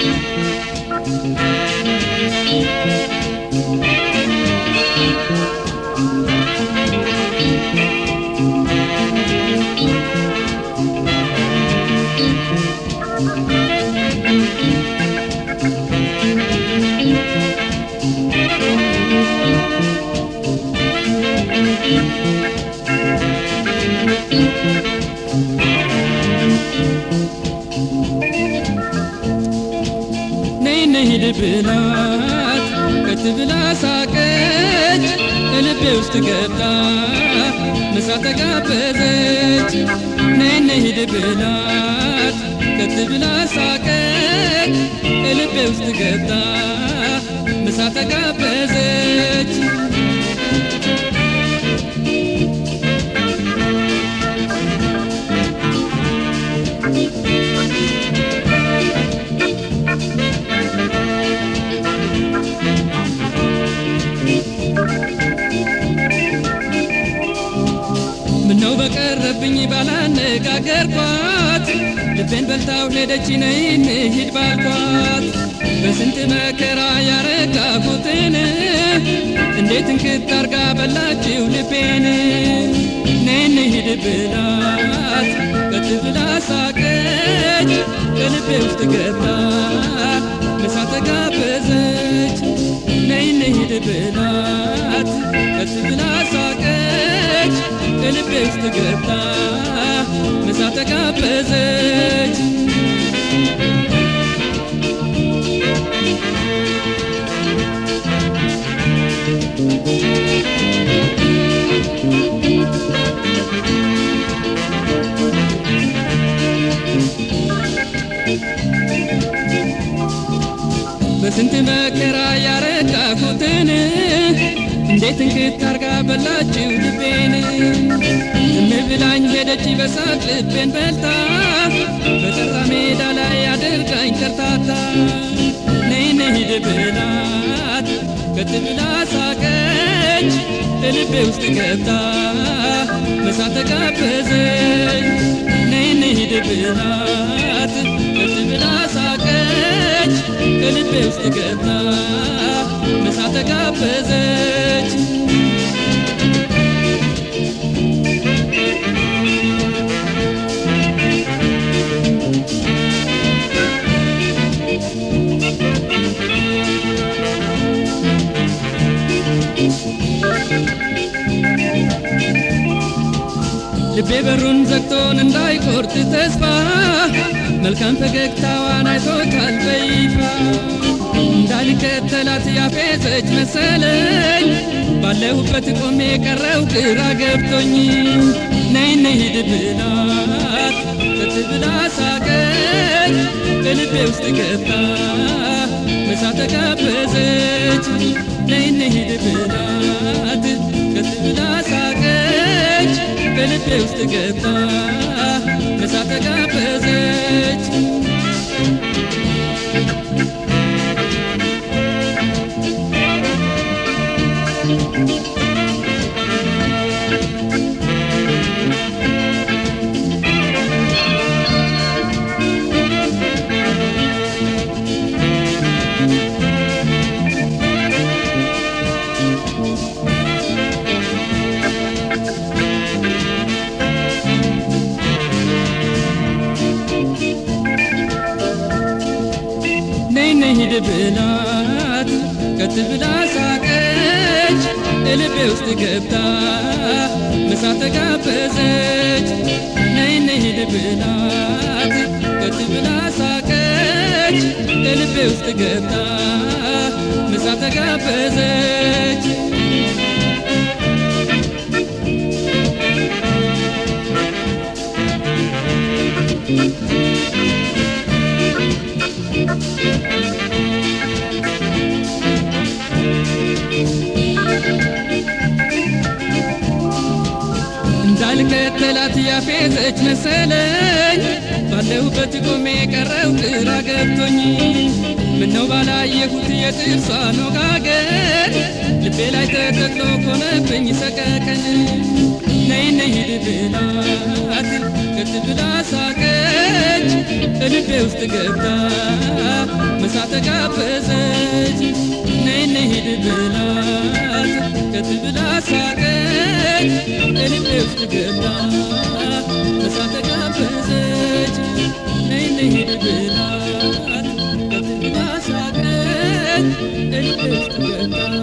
Thank you. ልሂድ ብላት ከት ብላ ሳቀች፣ ውስጥ ገብታ ምሳ ተጋበዘች። ነይ እንሂድ ብላት ከት ብላ ሳቀች፣ ውስጥ ገብታ ምሳ ተጋበዘች። አነጋገርኳት ልቤን በልታው ሄደች ነይ እንሂድ ባልኳት በስንት መከራ ያረጋሁትን እንዴት እንክት በላችው ልቤን ነይ እንሂድ ብላት ሳቀች በልቤ ውስጥ ገብታ ምሳ ተጋበዘች ነይ እንሂድ ብላት በልብስ ተገብታ ምሳ ተጋበዘች። በስንት መከራ ያረቃኩትን ሴትን ክታርጋ በላችው ልቤን እምብላኝ ሄደች በሳት ልቤን በልታ በጠራ ሜዳ ላይ አድርጋኝ ከርታታ ነይነ ሂድ ብላት ከትብላ ሳቀች ልቤ ውስጥ ገብታ በሳት ተጋበዘች ነይነ ሂድ ብላት ከትብላ ሳቀች ልቤ ውስጥ ገብታ በሳት ተጋበዘች ልቤ በሩን ዘግቶን እንዳይቆርጥ ተስፋ መልካም ፈገግታዋን አይቶታል በይፋ እንዳልከተላት ያፌዘች መሰለኝ ባለሁበት ቆሜ ቀረው ግራ ገብቶኝ ነይ ነሂድ ብላት ከትብላ ሳቀች ከልቤ ውስጥ ገባ መሳ ተጋበዘች ነይ ነሂድ ብላት ከትብላ ሳቀች ከልቤ ውስጥ ገባ በዛ ተጋበዘች thank you ብላት ቀጥ ብላ ሳቀች፣ ልቤ ውስጥ ገብታ ምሳ ተጋበዘች። ነይ ነይ ብላት ቀጥ ብላ ሳቀች፣ ልቤ ውስጥ ገብታ ምሳ ተጋበዘች። Thank you. በገነት ጠላት ያፌዘች መሰለኝ ባለሁበት ቆሜ ቀረው ግራ ገብቶኝ ምነው ባላየሁት የጥርሷን ወጋገን ልቤ ላይ ተጠቅሎ ኮነብኝ ሰቀቀን ነይ ነሂድ ብላት ከት ብላ ሳቀች በልቤ ውስጥ ገብታ መሳ ተጋበዘች ነይ ነሂድ ብላት ከት ብላ ሳቀች ጋበዘች እኔም ውስጥ ገብታ በሳ ተጋበዘች ነይ ነይ ብላት ገብት ማሳቀት እኔም ውስጥ ገብታ